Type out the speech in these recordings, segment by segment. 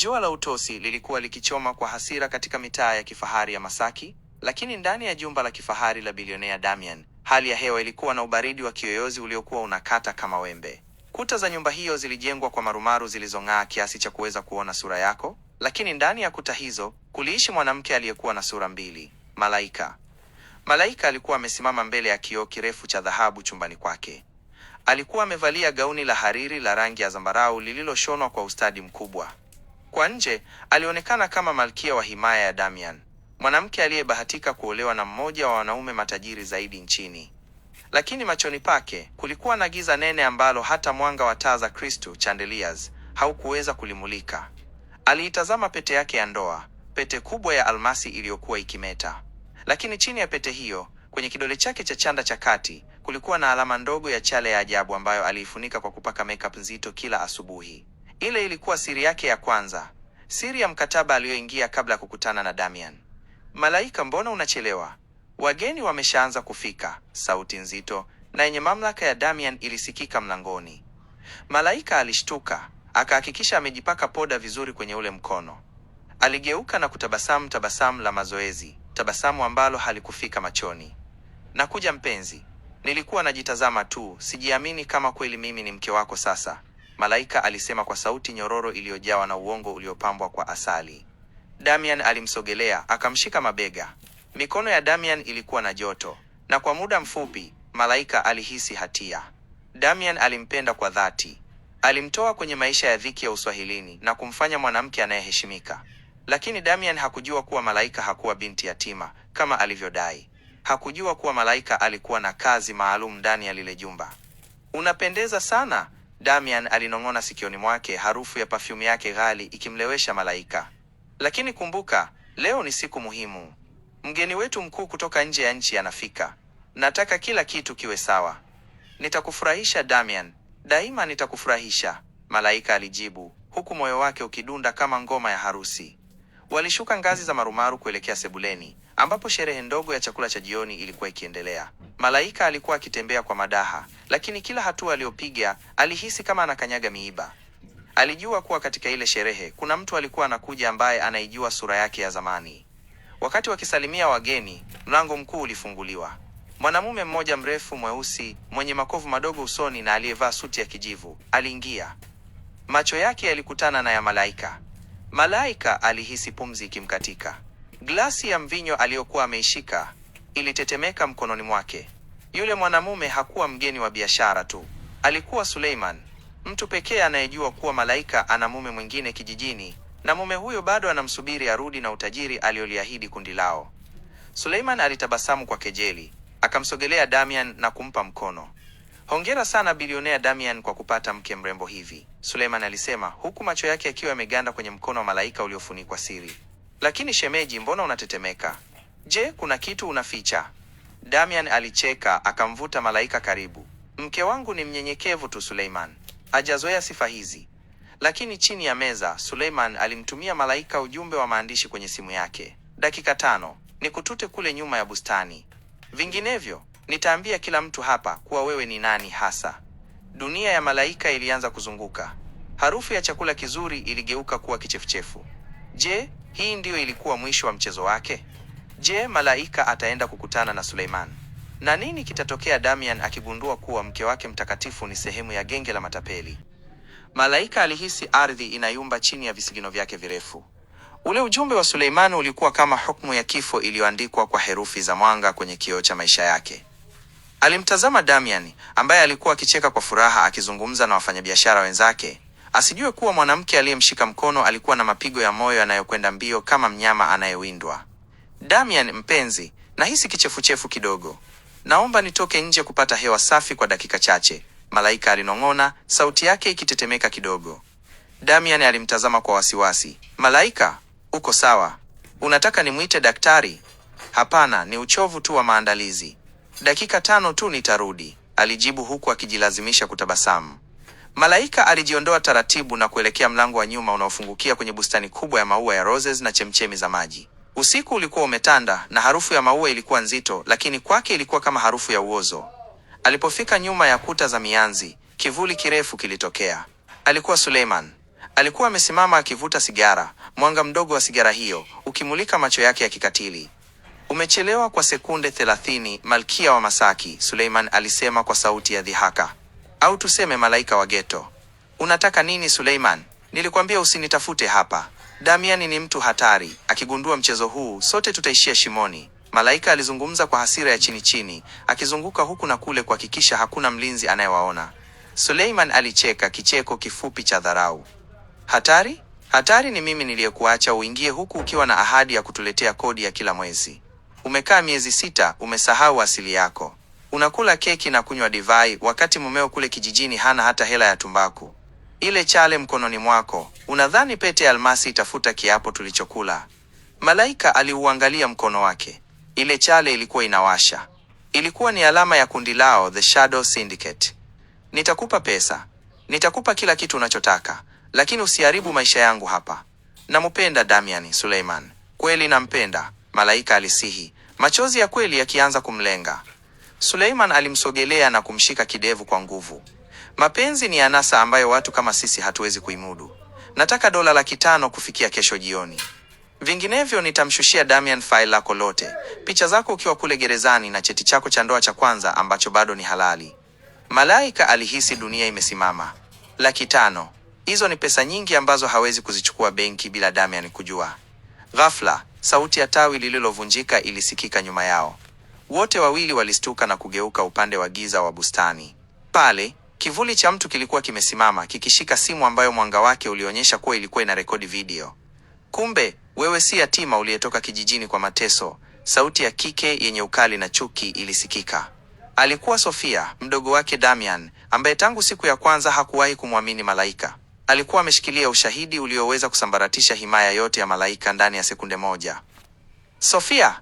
Jua la utosi lilikuwa likichoma kwa hasira katika mitaa ya kifahari ya Masaki, lakini ndani ya jumba la kifahari la bilionea Damian, hali ya hewa ilikuwa na ubaridi wa kiyoyozi uliokuwa unakata kama wembe. Kuta za nyumba hiyo zilijengwa kwa marumaru zilizong'aa kiasi cha kuweza kuona sura yako, lakini ndani ya kuta hizo kuliishi mwanamke aliyekuwa na sura mbili, Malaika. Malaika alikuwa amesimama mbele ya kioo kirefu cha dhahabu chumbani kwake. Alikuwa amevalia gauni la hariri la rangi ya zambarau lililoshonwa kwa ustadi mkubwa. Kwa nje alionekana kama malkia wa himaya ya Damian, mwanamke aliyebahatika kuolewa na mmoja wa wanaume matajiri zaidi nchini, lakini machoni pake kulikuwa na giza nene ambalo hata mwanga wa taa za Kristu chandeliers haukuweza kulimulika. Aliitazama pete yake ya ndoa, pete kubwa ya almasi iliyokuwa ikimeta, lakini chini ya pete hiyo, kwenye kidole chake cha chanda cha kati, kulikuwa na alama ndogo ya chale ya ajabu ambayo aliifunika kwa kupaka makeup nzito kila asubuhi. Ile ilikuwa siri yake ya kwanza, siri ya mkataba aliyoingia kabla ya kukutana na Damian. Malaika, mbona unachelewa? Wageni wameshaanza kufika. Sauti nzito na yenye mamlaka ya Damian ilisikika mlangoni. Malaika alishtuka, akahakikisha amejipaka poda vizuri kwenye ule mkono. Aligeuka na kutabasamu, tabasamu la mazoezi, tabasamu ambalo halikufika machoni. Nakuja mpenzi, nilikuwa najitazama tu, sijiamini kama kweli mimi ni mke wako sasa malaika alisema kwa sauti nyororo iliyojawa na uongo uliopambwa kwa asali. Damian alimsogelea akamshika mabega. Mikono ya Damian ilikuwa na joto, na kwa muda mfupi malaika alihisi hatia. Damian alimpenda kwa dhati, alimtoa kwenye maisha ya dhiki ya uswahilini na kumfanya mwanamke anayeheshimika. Lakini Damian hakujua kuwa malaika hakuwa binti yatima kama alivyodai. Hakujua kuwa malaika alikuwa na kazi maalum ndani ya lile jumba. Unapendeza sana Damian alinong'ona sikioni mwake, harufu ya pafyumu yake ghali ikimlewesha Malaika. Lakini kumbuka, leo ni siku muhimu. Mgeni wetu mkuu kutoka nje ya nchi anafika. Nataka kila kitu kiwe sawa. Nitakufurahisha Damian, daima nitakufurahisha, Malaika alijibu, huku moyo wake ukidunda kama ngoma ya harusi. Walishuka ngazi za marumaru kuelekea sebuleni ambapo sherehe ndogo ya chakula cha jioni ilikuwa ikiendelea. Malaika alikuwa akitembea kwa madaha, lakini kila hatua aliyopiga alihisi kama anakanyaga miiba. Alijua kuwa katika ile sherehe kuna mtu alikuwa anakuja ambaye anaijua sura yake ya zamani. Wakati wakisalimia wageni, mlango mkuu ulifunguliwa. Mwanamume mmoja mrefu mweusi mwenye makovu madogo usoni na aliyevaa suti ya kijivu aliingia. Macho yake yalikutana na ya Malaika. Malaika alihisi pumzi ikimkatika. Glasi ya mvinyo aliyokuwa ameishika ilitetemeka mkononi mwake. Yule mwanamume hakuwa mgeni wa biashara tu, alikuwa Suleiman, mtu pekee anayejua kuwa Malaika ana mume mwingine kijijini, na mume huyo bado anamsubiri arudi na utajiri alioliahidi kundi lao. Suleiman alitabasamu kwa kejeli, akamsogelea Damian na kumpa mkono. Hongera sana bilionea Damian kwa kupata mke mrembo hivi, Suleiman alisema, huku macho yake yakiwa yameganda kwenye mkono wa Malaika uliofunikwa siri. Lakini shemeji, mbona unatetemeka? Je, kuna kitu unaficha? Damian alicheka akamvuta Malaika karibu. Mke wangu ni mnyenyekevu tu Suleiman, hajazoea sifa hizi. Lakini chini ya meza, Suleiman alimtumia Malaika ujumbe wa maandishi kwenye simu yake. Dakika tano ni kutute kule nyuma ya bustani, vinginevyo nitaambia kila mtu hapa kuwa wewe ni nani hasa. Dunia ya Malaika ilianza kuzunguka, harufu ya chakula kizuri iligeuka kuwa kichefuchefu. Je, hii ndiyo ilikuwa mwisho wa mchezo wake. Je, malaika ataenda kukutana na Suleiman? Na nini kitatokea Damian akigundua kuwa mke wake mtakatifu ni sehemu ya genge la matapeli? Malaika alihisi ardhi inayumba chini ya visigino vyake virefu. Ule ujumbe wa Suleiman ulikuwa kama hukumu ya kifo iliyoandikwa kwa herufi za mwanga kwenye kioo cha maisha yake. Alimtazama Damian ambaye alikuwa akicheka kwa furaha akizungumza na wafanyabiashara wenzake. Asijue kuwa mwanamke aliyemshika mkono alikuwa na mapigo ya moyo yanayokwenda mbio kama mnyama anayewindwa. Damian mpenzi, nahisi kichefuchefu kidogo, naomba nitoke nje kupata hewa safi kwa dakika chache, Malaika alinong'ona, sauti yake ikitetemeka kidogo. Damian alimtazama kwa wasiwasi. Malaika, uko sawa? Unataka nimwite daktari? Hapana, ni uchovu tu wa maandalizi. Dakika tano tu nitarudi, alijibu huku akijilazimisha kutabasamu. Malaika alijiondoa taratibu na kuelekea mlango wa nyuma unaofungukia kwenye bustani kubwa ya maua ya roses na chemchemi za maji. Usiku ulikuwa umetanda na harufu ya maua ilikuwa nzito, lakini kwake ilikuwa kama harufu ya uozo. Alipofika nyuma ya kuta za mianzi, kivuli kirefu kilitokea. Alikuwa Suleiman. Alikuwa amesimama akivuta sigara, mwanga mdogo wa sigara hiyo ukimulika macho yake ya kikatili. Umechelewa kwa sekunde thelathini, malkia wa Masaki, Suleiman alisema kwa sauti ya dhihaka au tuseme malaika wa geto. Unataka nini Suleiman? Nilikwambia usinitafute hapa. Damian ni mtu hatari, akigundua mchezo huu sote tutaishia shimoni. Malaika alizungumza kwa hasira ya chini chini, akizunguka huku na kule kuhakikisha hakuna mlinzi anayewaona. Suleiman alicheka kicheko kifupi cha dharau. Hatari? Hatari ni mimi niliyekuacha uingie huku ukiwa na ahadi ya kutuletea kodi ya kila mwezi. Umekaa miezi sita, umesahau asili yako. Unakula keki na kunywa divai, wakati mumeo kule kijijini hana hata hela ya tumbaku. Ile chale mkononi mwako, unadhani pete ya almasi itafuta kiapo tulichokula? Malaika aliuangalia mkono wake. Ile chale ilikuwa inawasha. Ilikuwa ni alama ya kundi lao, The Shadow Syndicate. Nitakupa pesa, nitakupa kila kitu unachotaka, lakini usiharibu maisha yangu hapa. Namupenda Damian Suleiman, kweli nampenda, malaika alisihi, machozi ya kweli yakianza kumlenga. Suleiman alimsogelea na kumshika kidevu kwa nguvu. Mapenzi ni anasa ambayo watu kama sisi hatuwezi kuimudu. Nataka dola laki tano kufikia kesho jioni, vinginevyo nitamshushia Damian faili lako lote, picha zako ukiwa kule gerezani na cheti chako cha ndoa cha kwanza ambacho bado ni halali. Malaika alihisi dunia imesimama. Laki tano hizo ni pesa nyingi ambazo hawezi kuzichukua benki bila Damian kujua. Ghafla sauti ya tawi lililovunjika ilisikika nyuma yao. Wote wawili walistuka na kugeuka upande wa giza wa bustani. Pale kivuli cha mtu kilikuwa kimesimama kikishika simu ambayo mwanga wake ulionyesha kuwa ilikuwa inarekodi video. Kumbe wewe si yatima uliyetoka kijijini kwa mateso. Sauti ya kike yenye ukali na chuki ilisikika. Alikuwa Sofia, mdogo wake Damian, ambaye tangu siku ya kwanza hakuwahi kumwamini Malaika. Alikuwa ameshikilia ushahidi ulioweza kusambaratisha himaya yote ya Malaika ndani ya sekunde moja. Sofia,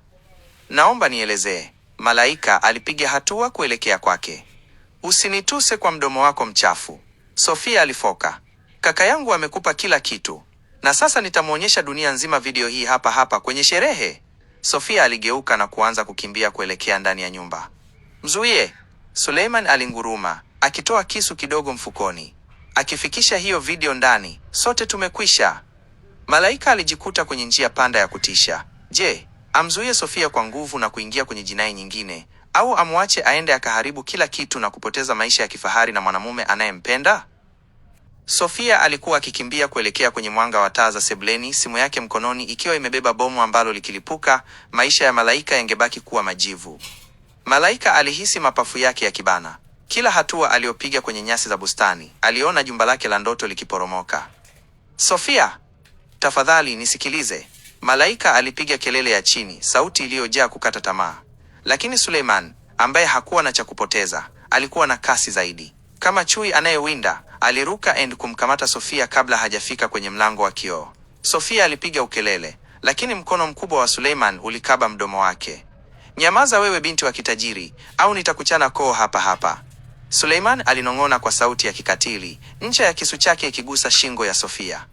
naomba nielezee. Malaika alipiga hatua kuelekea kwake. Usinituse kwa mdomo wako mchafu, Sofia alifoka. Kaka yangu amekupa kila kitu, na sasa nitamwonyesha dunia nzima video hii hapa hapa kwenye sherehe. Sofia aligeuka na kuanza kukimbia kuelekea ndani ya nyumba. Mzuie! Suleiman alinguruma akitoa kisu kidogo mfukoni. Akifikisha hiyo video ndani, sote tumekwisha. Malaika alijikuta kwenye njia panda ya kutisha. Je, amzuie Sofia kwa nguvu na kuingia kwenye jinai nyingine, au amwache aende akaharibu kila kitu na kupoteza maisha ya kifahari na mwanamume anayempenda? Sofia alikuwa akikimbia kuelekea kwenye mwanga wa taa za sebleni, simu yake mkononi ikiwa imebeba bomu ambalo likilipuka, maisha ya Malaika yangebaki kuwa majivu. Malaika alihisi mapafu yake ya kibana Kila hatua aliyopiga kwenye nyasi za bustani, aliona jumba lake la ndoto likiporomoka. Sofia, tafadhali nisikilize. Malaika alipiga kelele ya chini, sauti iliyojaa kukata tamaa. Lakini Suleiman, ambaye hakuwa na cha kupoteza, alikuwa na kasi zaidi. Kama chui anayewinda, aliruka end kumkamata Sofia kabla hajafika kwenye mlango wa kioo. Sofia alipiga ukelele, lakini mkono mkubwa wa Suleiman ulikaba mdomo wake. Nyamaza wewe binti wa kitajiri, au nitakuchana koo hapa hapa. Suleiman alinong'ona kwa sauti ya kikatili, ncha ya kisu chake ikigusa shingo ya Sofia.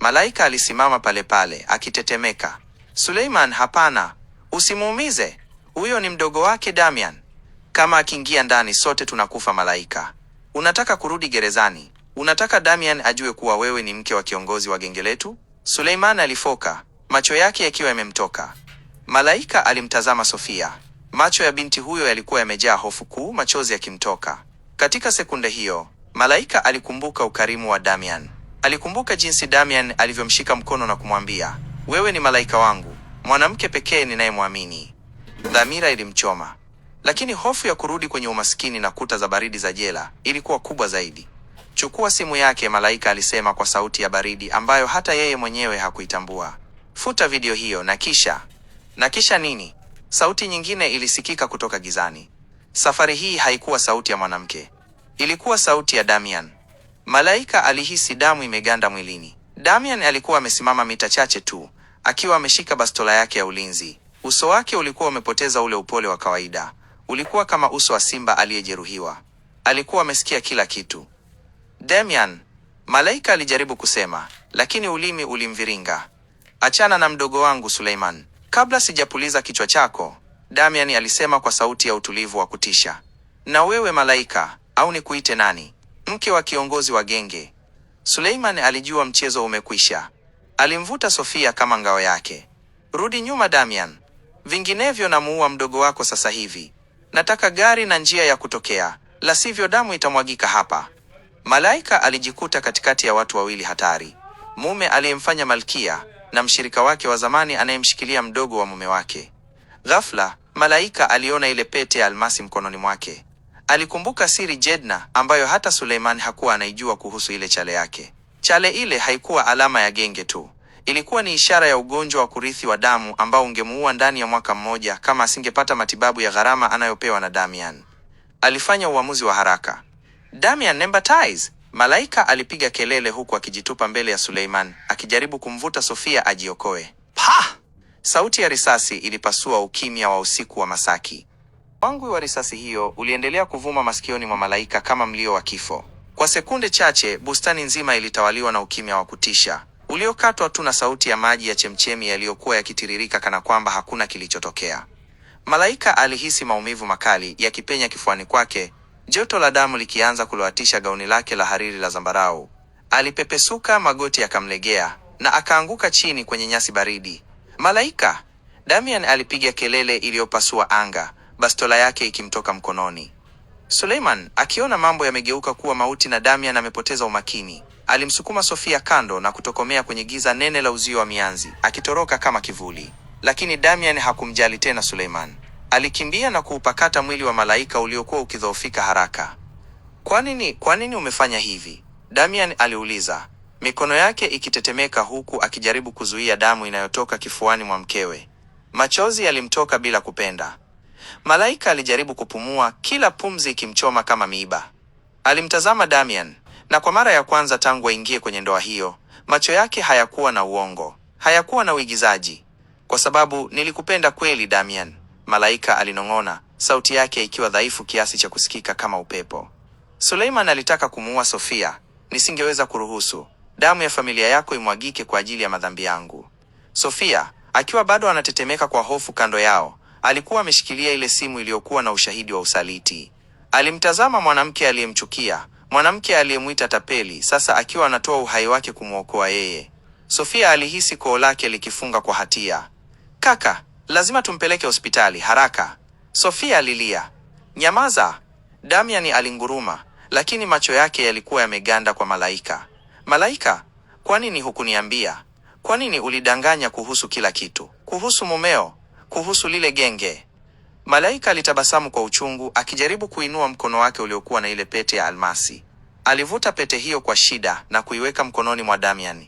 Malaika alisimama palepale akitetemeka. Suleiman, hapana, usimuumize, huyo ni mdogo wake Damian. Kama akiingia ndani sote tunakufa. Malaika, unataka kurudi gerezani? Unataka Damian ajue kuwa wewe ni mke wa kiongozi wa genge letu? Suleiman alifoka, macho yake yakiwa yamemtoka. Malaika alimtazama Sofia. Macho ya binti huyo yalikuwa yamejaa hofu kuu, machozi yakimtoka. Katika sekunde hiyo, Malaika alikumbuka ukarimu wa Damian. Alikumbuka jinsi Damian alivyomshika mkono na kumwambia, wewe ni malaika wangu, mwanamke pekee ninayemwamini. Dhamira ilimchoma, lakini hofu ya kurudi kwenye umaskini na kuta za baridi za jela ilikuwa kubwa zaidi. Chukua simu yake, malaika alisema kwa sauti ya baridi ambayo hata yeye mwenyewe hakuitambua. Futa video hiyo na kisha... na kisha nini? Sauti nyingine ilisikika kutoka gizani. Safari hii haikuwa sauti ya mwanamke, ilikuwa sauti ya Damian. Malaika alihisi damu imeganda mwilini. Damian alikuwa amesimama mita chache tu, akiwa ameshika bastola yake ya ulinzi. Uso wake ulikuwa umepoteza ule upole wa kawaida, ulikuwa kama uso wa simba aliyejeruhiwa. Alikuwa amesikia kila kitu. Damian, malaika alijaribu kusema, lakini ulimi ulimviringa. Achana na mdogo wangu Suleiman, kabla sijapuliza kichwa chako, Damian alisema kwa sauti ya utulivu wa kutisha. Na wewe malaika, au nikuite nani? mke wa kiongozi wa genge. Suleiman alijua mchezo umekwisha. Alimvuta Sofia kama ngao yake. Rudi nyuma Damian, vinginevyo namuua mdogo wako sasa hivi. Nataka gari na njia ya kutokea, la sivyo damu itamwagika hapa. Malaika alijikuta katikati ya watu wawili hatari, mume aliyemfanya malkia na mshirika wake wa zamani anayemshikilia mdogo wa mume wake. Ghafla Malaika aliona ile pete ya almasi mkononi mwake. Alikumbuka siri Jedna ambayo hata Suleiman hakuwa anaijua kuhusu ile chale yake. Chale ile haikuwa alama ya genge tu, ilikuwa ni ishara ya ugonjwa wa kurithi wa damu ambao ungemuua ndani ya mwaka mmoja kama asingepata matibabu ya gharama anayopewa na Damian. Alifanya uamuzi wa haraka. Damian Nembatiz, malaika alipiga kelele huku akijitupa mbele ya Suleiman akijaribu kumvuta Sofia ajiokoe. Pa! Sauti ya risasi ilipasua ukimya wa usiku wa Masaki. Wangwi wa risasi hiyo uliendelea kuvuma masikioni mwa Malaika kama mlio wa kifo. Kwa sekunde chache, bustani nzima ilitawaliwa na ukimya wa kutisha uliokatwa tu na sauti ya maji ya chemchemi yaliyokuwa yakitiririka kana kwamba hakuna kilichotokea. Malaika alihisi maumivu makali yakipenya kifuani kwake, joto la damu likianza kuloatisha gauni lake la hariri la zambarau. Alipepesuka, magoti yakamlegea na akaanguka chini kwenye nyasi baridi. Malaika! Damian alipiga kelele iliyopasua anga, bastola yake ikimtoka mkononi. Suleiman akiona mambo yamegeuka kuwa mauti na Damian amepoteza umakini, alimsukuma Sofia kando na kutokomea kwenye giza nene la uzio wa mianzi, akitoroka kama kivuli. Lakini Damian hakumjali tena Suleiman. Alikimbia na kuupakata mwili wa malaika uliokuwa ukidhoofika haraka. Kwa nini, kwa nini umefanya hivi? Damian aliuliza, mikono yake ikitetemeka huku akijaribu kuzuia damu inayotoka kifuani mwa mkewe. Machozi yalimtoka bila kupenda. Malaika alijaribu kupumua, kila pumzi ikimchoma kama miiba. Alimtazama Damian, na kwa mara ya kwanza tangu aingie kwenye ndoa hiyo, macho yake hayakuwa na uongo, hayakuwa na uigizaji. Kwa sababu nilikupenda kweli, Damian, malaika alinong'ona, sauti yake ikiwa dhaifu kiasi cha kusikika kama upepo. Suleiman alitaka kumuua Sofia, nisingeweza kuruhusu damu ya familia yako imwagike kwa ajili ya madhambi yangu. Sofia akiwa bado anatetemeka kwa hofu kando yao, Alikuwa ameshikilia ile simu iliyokuwa na ushahidi wa usaliti. Alimtazama mwanamke aliyemchukia, mwanamke aliyemwita tapeli, sasa akiwa anatoa uhai wake kumwokoa yeye. Sofia alihisi koo lake likifunga kwa hatia. Kaka, lazima tumpeleke hospitali haraka, Sofia alilia. Nyamaza! Damian alinguruma, lakini macho yake yalikuwa yameganda kwa Malaika. Malaika, kwa nini hukuniambia? Kwa nini ulidanganya kuhusu kila kitu, kuhusu mumeo kuhusu lile genge. Malaika alitabasamu kwa uchungu, akijaribu kuinua mkono wake uliokuwa na ile pete ya almasi. Alivuta pete hiyo kwa shida na kuiweka mkononi mwa Damian.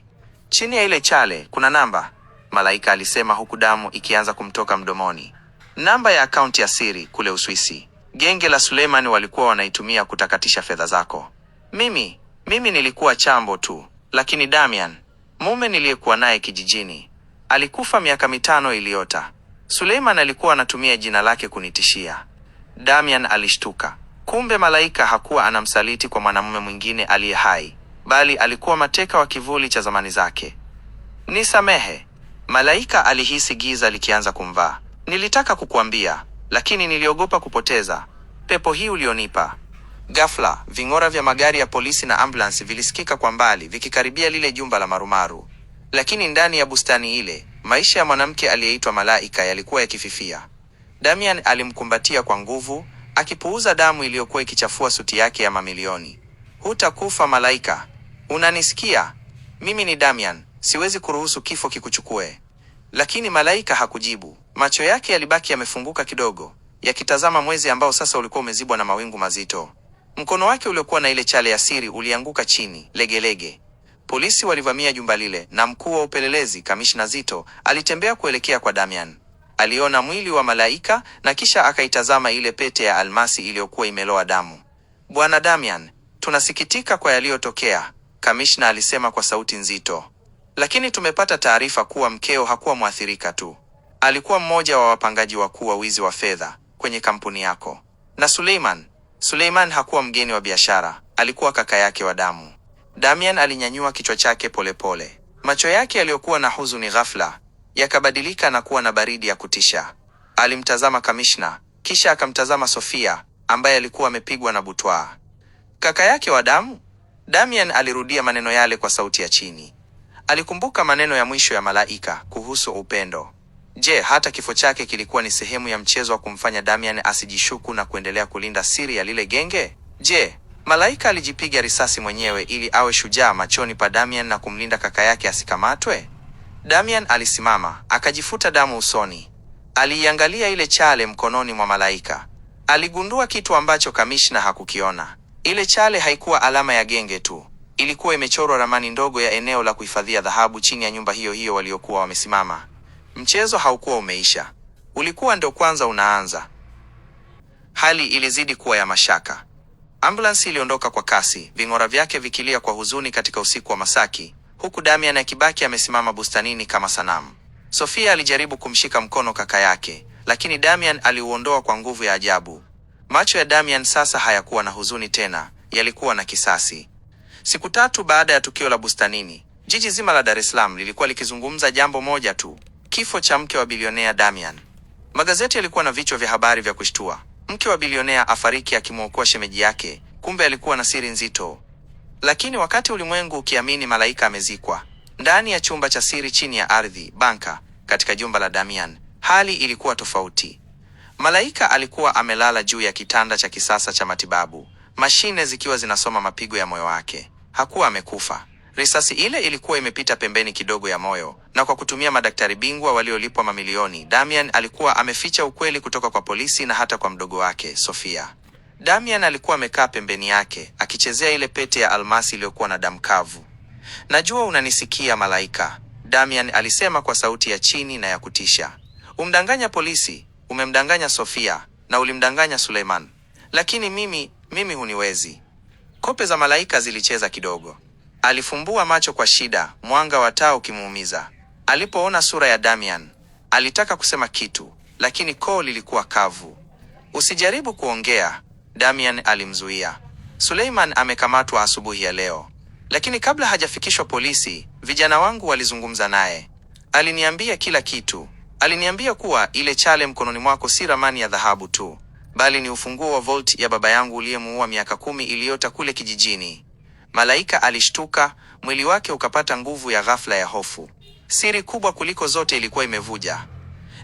Chini ya ile chale kuna namba, malaika alisema, huku damu ikianza kumtoka mdomoni. Namba ya akaunti ya siri kule Uswisi. Genge la Suleiman walikuwa wanaitumia kutakatisha fedha zako. Mimi mimi nilikuwa chambo tu, lakini Damian, mume niliyekuwa naye kijijini, alikufa miaka mitano iliyota Suleiman alikuwa anatumia jina lake kunitishia. Damian alishtuka. Kumbe malaika hakuwa anamsaliti kwa mwanamume mwingine aliye hai, bali alikuwa mateka wa kivuli cha zamani zake. Nisamehe. Malaika alihisi giza likianza kumvaa. Nilitaka kukuambia, lakini niliogopa kupoteza pepo hii ulionipa. Ghafla, ving'ora vya magari ya polisi na ambulansi vilisikika kwa mbali, vikikaribia lile jumba la marumaru. Lakini ndani ya bustani ile Maisha ya mwanamke aliyeitwa Malaika yalikuwa yakififia. Damian alimkumbatia kwa nguvu, akipuuza damu iliyokuwa ikichafua suti yake ya mamilioni. Hutakufa Malaika, unanisikia? Mimi ni Damian, siwezi kuruhusu kifo kikuchukue. Lakini Malaika hakujibu. Macho yake yalibaki yamefunguka kidogo, yakitazama mwezi ambao sasa ulikuwa umezibwa na mawingu mazito. Mkono wake uliokuwa na ile chale ya siri ulianguka chini legelege lege. Polisi walivamia jumba lile na mkuu wa upelelezi Kamishna Zito alitembea kuelekea kwa Damian. Aliona mwili wa malaika na kisha akaitazama ile pete ya almasi iliyokuwa imeloa damu. Bwana Damian, tunasikitika kwa yaliyotokea, Kamishna alisema kwa sauti nzito, lakini tumepata taarifa kuwa mkeo hakuwa mwathirika tu, alikuwa mmoja wa wapangaji wakuu wa wizi wa fedha kwenye kampuni yako. Na Suleiman, Suleiman hakuwa mgeni wa biashara, alikuwa kaka yake wa damu. Damian alinyanyua kichwa chake polepole pole. Macho yake yaliyokuwa na huzuni ghafla yakabadilika na kuwa na baridi ya kutisha. Alimtazama kamishna kisha akamtazama Sofia ambaye alikuwa amepigwa na butwaa. Kaka yake wa damu? Damian alirudia maneno yale kwa sauti ya chini. Alikumbuka maneno ya mwisho ya malaika kuhusu upendo. Je, hata kifo chake kilikuwa ni sehemu ya mchezo wa kumfanya Damian asijishuku na kuendelea kulinda siri ya lile genge? Je, Malaika alijipiga risasi mwenyewe ili awe shujaa machoni pa Damian na kumlinda kaka yake asikamatwe. Damian alisimama, akajifuta damu usoni. Aliiangalia ile chale mkononi mwa Malaika. Aligundua kitu ambacho kamishna hakukiona. Ile chale haikuwa alama ya genge tu, ilikuwa imechorwa ramani ndogo ya eneo la kuhifadhia dhahabu chini ya nyumba hiyo hiyo waliokuwa wamesimama. Mchezo haukuwa umeisha, ulikuwa ndo kwanza unaanza. Hali ilizidi kuwa ya mashaka. Ambulansi iliondoka kwa kasi, ving'ora vyake vikilia kwa huzuni katika usiku wa Masaki, huku Damian akibaki amesimama bustanini kama sanamu. Sofia alijaribu kumshika mkono kaka yake, lakini Damian aliuondoa kwa nguvu ya ajabu. Macho ya Damian sasa hayakuwa na huzuni tena, yalikuwa na kisasi. Siku tatu baada ya tukio la bustanini, jiji zima la Dar es Salaam lilikuwa likizungumza jambo moja tu, kifo cha mke wa bilionea Damian. Magazeti yalikuwa na vichwa vya habari vya kushtua. Mke wa bilionea afariki akimwokoa shemeji yake, kumbe alikuwa na siri nzito. Lakini wakati ulimwengu ukiamini malaika amezikwa ndani ya chumba cha siri chini ya ardhi banka, katika jumba la Damian, hali ilikuwa tofauti. Malaika alikuwa amelala juu ya kitanda cha kisasa cha matibabu, mashine zikiwa zinasoma mapigo ya moyo wake. Hakuwa amekufa, Risasi ile ilikuwa imepita pembeni kidogo ya moyo, na kwa kutumia madaktari bingwa waliolipwa mamilioni, Damian alikuwa ameficha ukweli kutoka kwa polisi na hata kwa mdogo wake Sofia. Damian alikuwa amekaa pembeni yake akichezea ile pete ya almasi iliyokuwa na damu kavu. Najua unanisikia malaika, Damian alisema kwa sauti ya chini na ya kutisha. Umdanganya polisi, umemdanganya Sofia na ulimdanganya Suleiman, lakini mimi, mimi huniwezi. Kope za malaika zilicheza kidogo. Alifumbua macho kwa shida, mwanga wa taa ukimuumiza. Alipoona sura ya Damian, alitaka kusema kitu, lakini koo lilikuwa kavu. Usijaribu kuongea, Damian alimzuia. Suleiman amekamatwa asubuhi ya leo, lakini kabla hajafikishwa polisi, vijana wangu walizungumza naye. Aliniambia kila kitu. Aliniambia kuwa ile chale mkononi mwako si ramani ya dhahabu tu, bali ni ufunguo wa vault ya baba yangu uliyemuua miaka kumi iliyota kule kijijini. Malaika alishtuka, mwili wake ukapata nguvu ya ghafla ya hofu. Siri kubwa kuliko zote ilikuwa imevuja.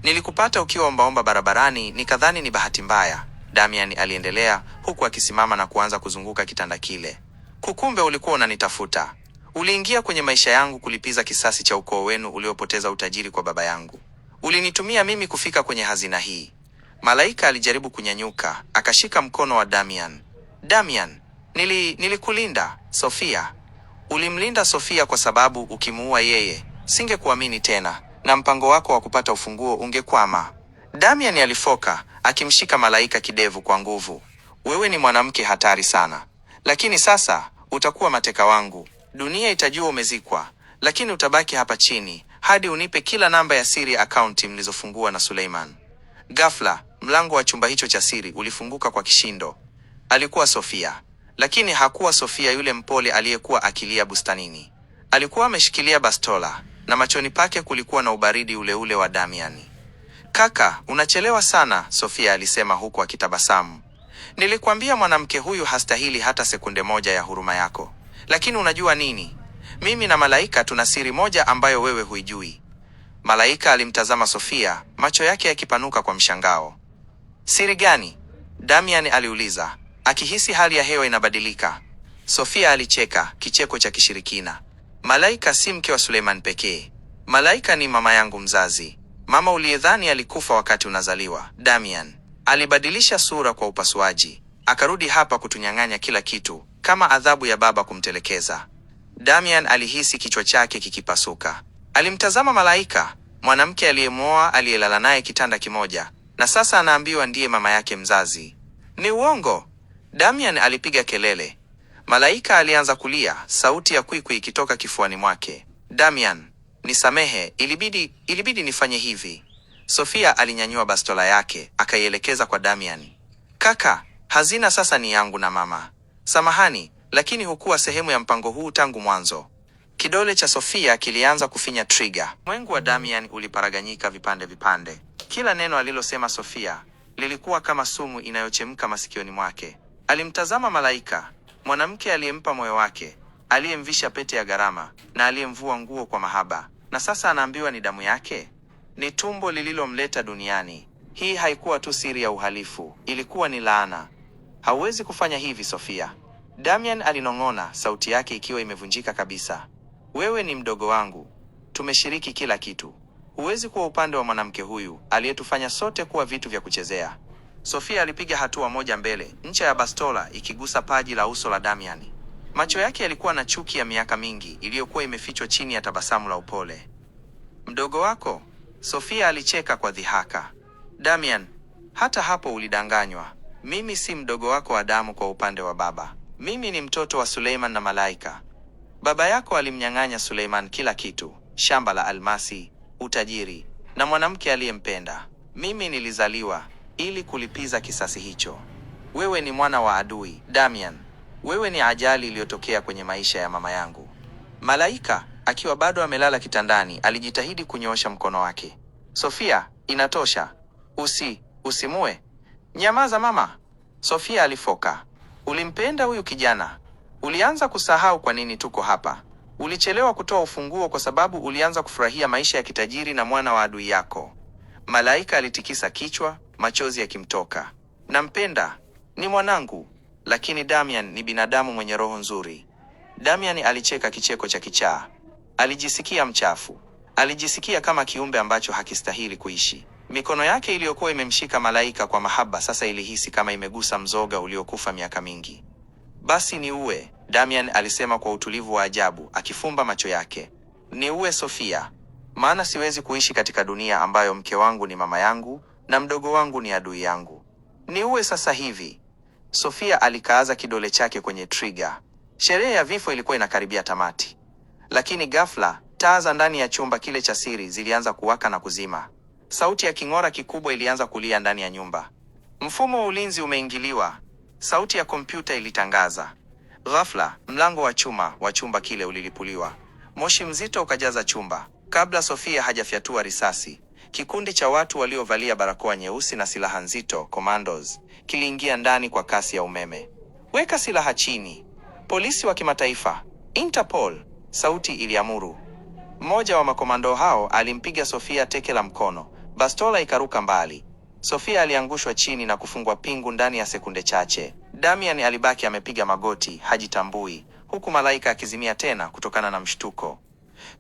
Nilikupata ukiwa ombaomba barabarani, nikadhani ni bahati mbaya, Damian aliendelea, huku akisimama na kuanza kuzunguka kitanda kile. Kukumbe ulikuwa unanitafuta. Uliingia kwenye maisha yangu kulipiza kisasi cha ukoo wenu uliopoteza utajiri kwa baba yangu. Ulinitumia mimi kufika kwenye hazina hii. Malaika alijaribu kunyanyuka, akashika mkono wa Damian. Damian, Nili, nilikulinda Sofia. Ulimlinda Sofia kwa sababu ukimuua yeye singekuamini tena, na mpango wako wa kupata ufunguo ungekwama. Damian alifoka akimshika Malaika kidevu kwa nguvu. Wewe ni mwanamke hatari sana, lakini sasa utakuwa mateka wangu. Dunia itajua umezikwa, lakini utabaki hapa chini hadi unipe kila namba ya siri ya akaunti mlizofungua na Suleiman. Ghafla mlango wa chumba hicho cha siri ulifunguka kwa kishindo. Alikuwa Sofia. Lakini hakuwa Sofia yule mpole aliyekuwa akilia bustanini. Alikuwa ameshikilia bastola na machoni pake kulikuwa na ubaridi ule ule wa Damiani. Kaka, unachelewa sana, Sofia alisema huku akitabasamu. Nilikwambia mwanamke huyu hastahili hata sekunde moja ya huruma yako. Lakini unajua nini? Mimi na Malaika tuna siri moja ambayo wewe huijui. Malaika alimtazama Sofia, macho yake yakipanuka kwa mshangao. Siri gani? Damian aliuliza akihisi hali ya hewa inabadilika. Sofia alicheka kicheko cha kishirikina. Malaika si mke wa Suleiman pekee, Malaika ni mama yangu mzazi, mama uliyedhani alikufa wakati unazaliwa. Damian alibadilisha sura kwa upasuaji, akarudi hapa kutunyang'anya kila kitu, kama adhabu ya baba kumtelekeza. Damian alihisi kichwa chake kikipasuka. Alimtazama Malaika, mwanamke aliyemwoa, aliyelala naye kitanda kimoja, na sasa anaambiwa ndiye mama yake mzazi. Ni uongo! Damian alipiga kelele. Malaika alianza kulia, sauti ya kwikwi ikitoka kifuani mwake. Damian, nisamehe, ilibidi ilibidi nifanye hivi. Sofia alinyanyua bastola yake akaielekeza kwa Damian. Kaka, hazina sasa ni yangu na mama. Samahani, lakini hukuwa sehemu ya mpango huu tangu mwanzo. Kidole cha Sofia kilianza kufinya trigger. Mwengu wa Damian uliparaganyika vipande vipande. Kila neno alilosema Sofia lilikuwa kama sumu inayochemka masikioni mwake. Alimtazama malaika, mwanamke aliyempa moyo wake, aliyemvisha pete ya gharama na aliyemvua nguo kwa mahaba, na sasa anaambiwa ni damu yake, ni tumbo lililomleta duniani. Hii haikuwa tu siri ya uhalifu, ilikuwa ni laana. Hauwezi kufanya hivi Sofia, Damian alinong'ona, sauti yake ikiwa imevunjika kabisa. Wewe ni mdogo wangu, tumeshiriki kila kitu. Huwezi kuwa upande wa mwanamke huyu aliyetufanya sote kuwa vitu vya kuchezea. Sofia alipiga hatua moja mbele, ncha ya bastola ikigusa paji la uso la Damian. Macho yake yalikuwa na chuki ya miaka mingi iliyokuwa imefichwa chini ya tabasamu la upole. Mdogo wako? Sofia alicheka kwa dhihaka. Damian, hata hapo ulidanganywa. Mimi si mdogo wako wa damu kwa upande wa baba. Mimi ni mtoto wa Suleiman na Malaika. Baba yako alimnyang'anya Suleiman kila kitu, shamba la almasi, utajiri na mwanamke aliyempenda. Mimi nilizaliwa ili kulipiza kisasi hicho. Wewe ni mwana wa adui Damian, wewe ni ajali iliyotokea kwenye maisha ya mama yangu. Malaika akiwa bado amelala kitandani alijitahidi kunyoosha mkono wake. Sofia, inatosha, usi usimue, nyamaza mama. Sofia alifoka. Ulimpenda huyu kijana, ulianza kusahau kwa nini tuko hapa. Ulichelewa kutoa ufunguo kwa sababu ulianza kufurahia maisha ya kitajiri na mwana wa adui yako. Malaika alitikisa kichwa, machozi yakimtoka. Nampenda, ni mwanangu, lakini Damian ni binadamu mwenye roho nzuri. Damian alicheka kicheko cha kichaa. Alijisikia mchafu, alijisikia kama kiumbe ambacho hakistahili kuishi. Mikono yake iliyokuwa imemshika malaika kwa mahaba sasa ilihisi kama imegusa mzoga uliokufa miaka mingi. Basi ni uwe, Damian alisema kwa utulivu wa ajabu, akifumba macho yake. Ni uwe Sofia, maana siwezi kuishi katika dunia ambayo mke wangu ni mama yangu na mdogo wangu ni adui yangu, niue sasa hivi. Sofia alikaaza kidole chake kwenye trigger. Sherehe ya vifo ilikuwa inakaribia tamati, lakini ghafla taa za ndani ya chumba kile cha siri zilianza kuwaka na kuzima. Sauti ya king'ora kikubwa ilianza kulia ndani ya nyumba. Mfumo wa ulinzi umeingiliwa, sauti ya kompyuta ilitangaza. Ghafla mlango wa chuma wa chumba kile ulilipuliwa, moshi mzito ukajaza chumba. Kabla Sofia hajafyatua risasi, Kikundi cha watu waliovalia barakoa nyeusi na silaha nzito commandos kiliingia ndani kwa kasi ya umeme. Weka silaha chini, polisi wa kimataifa, Interpol, sauti iliamuru. Mmoja wa makomando hao alimpiga Sofia teke la mkono, bastola ikaruka mbali. Sofia aliangushwa chini na kufungwa pingu ndani ya sekunde chache. Damian alibaki amepiga magoti, hajitambui, huku malaika akizimia tena kutokana na mshtuko.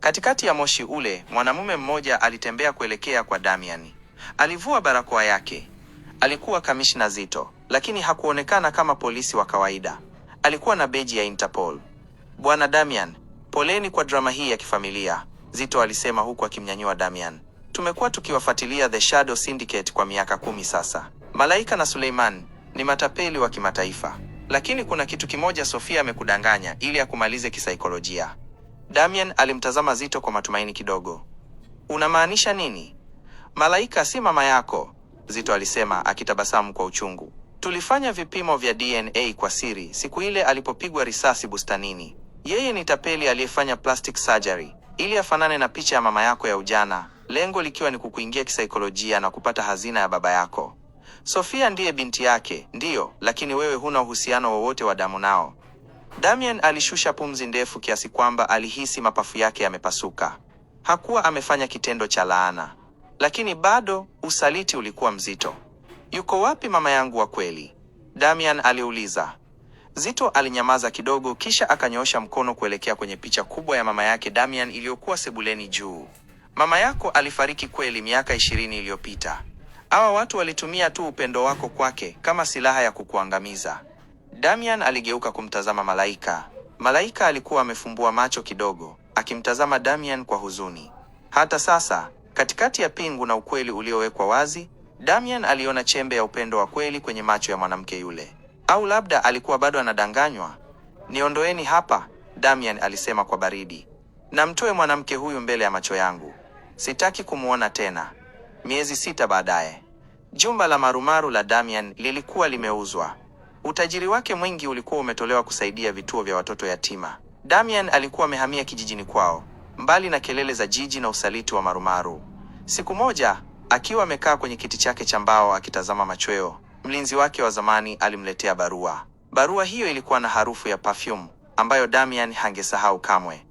Katikati ya moshi ule, mwanamume mmoja alitembea kuelekea kwa Damian. Alivua barakoa yake. Alikuwa kamishna Zito, lakini hakuonekana kama polisi wa kawaida. Alikuwa na beji ya Interpol. Bwana Damian, poleni kwa drama hii ya kifamilia, Zito alisema huku akimnyanyua Damian. Tumekuwa tukiwafuatilia The Shadow Syndicate kwa miaka kumi sasa. Malaika na Suleiman ni matapeli wa kimataifa, lakini kuna kitu kimoja Sofia amekudanganya ili akumalize kisaikolojia. Damian alimtazama Zito kwa matumaini kidogo. Unamaanisha nini? Malaika si mama yako, Zito alisema akitabasamu kwa uchungu. Tulifanya vipimo vya DNA kwa siri siku ile alipopigwa risasi bustanini. Yeye ni tapeli aliyefanya plastic surgery ili afanane na picha ya mama yako ya ujana, lengo likiwa ni kukuingia kisaikolojia na kupata hazina ya baba yako. Sofia ndiye binti yake, ndiyo, lakini wewe huna uhusiano wowote wa damu nao. Damian alishusha pumzi ndefu kiasi kwamba alihisi mapafu yake yamepasuka. Hakuwa amefanya kitendo cha laana, lakini bado usaliti ulikuwa mzito. Yuko wapi mama yangu wa kweli? Damian aliuliza. Zito alinyamaza kidogo, kisha akanyoosha mkono kuelekea kwenye picha kubwa ya mama yake Damian iliyokuwa sebuleni juu. Mama yako alifariki kweli miaka ishirini iliyopita. Hawa watu walitumia tu upendo wako kwake kama silaha ya kukuangamiza. Damian aligeuka kumtazama Malaika. Malaika alikuwa amefumbua macho kidogo, akimtazama Damian kwa huzuni. Hata sasa, katikati ya pingu na ukweli uliowekwa wazi, Damian aliona chembe ya upendo wa kweli kwenye macho ya mwanamke yule. Au labda alikuwa bado anadanganywa. Niondoeni hapa, Damian alisema kwa baridi. Namtoe mwanamke huyu mbele ya macho yangu. Sitaki kumwona tena. Miezi sita baadaye, jumba la marumaru la Damian lilikuwa limeuzwa. Utajiri wake mwingi ulikuwa umetolewa kusaidia vituo vya watoto yatima. Damian alikuwa amehamia kijijini kwao, mbali na kelele za jiji na usaliti wa marumaru. Siku moja, akiwa amekaa kwenye kiti chake cha mbao akitazama machweo, mlinzi wake wa zamani alimletea barua. Barua hiyo ilikuwa na harufu ya perfume ambayo Damian hangesahau kamwe.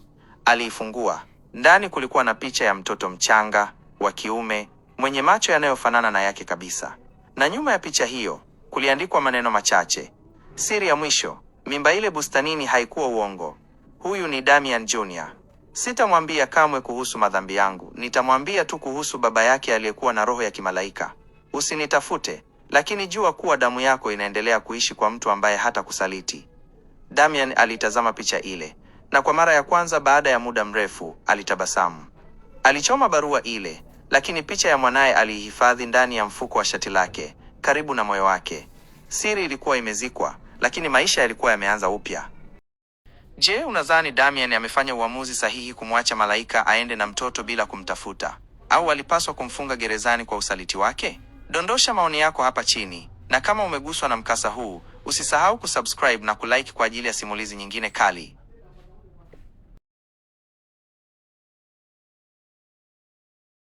Aliifungua. Ndani kulikuwa na picha ya mtoto mchanga wa kiume mwenye macho yanayofanana na yake kabisa, na nyuma ya picha hiyo kuliandikwa maneno machache. Siri ya mwisho, mimba ile bustanini haikuwa uongo. Huyu ni Damian Junior. Sitamwambia kamwe kuhusu madhambi yangu, nitamwambia tu kuhusu baba yake aliyekuwa na roho ya kimalaika. Usinitafute, lakini jua kuwa damu yako inaendelea kuishi kwa mtu ambaye hata kusaliti. Damian alitazama picha ile na kwa mara ya kwanza baada ya muda mrefu alitabasamu. Alichoma barua ile, lakini picha ya mwanaye aliihifadhi ndani ya mfuko wa shati lake karibu na moyo wake. Siri ilikuwa imezikwa, lakini maisha yalikuwa yameanza upya. Je, unadhani Damian amefanya uamuzi sahihi kumwacha Malaika aende na mtoto bila kumtafuta, au alipaswa kumfunga gerezani kwa usaliti wake? Dondosha maoni yako hapa chini, na kama umeguswa na mkasa huu, usisahau kusubscribe na kulike kwa ajili ya simulizi nyingine kali.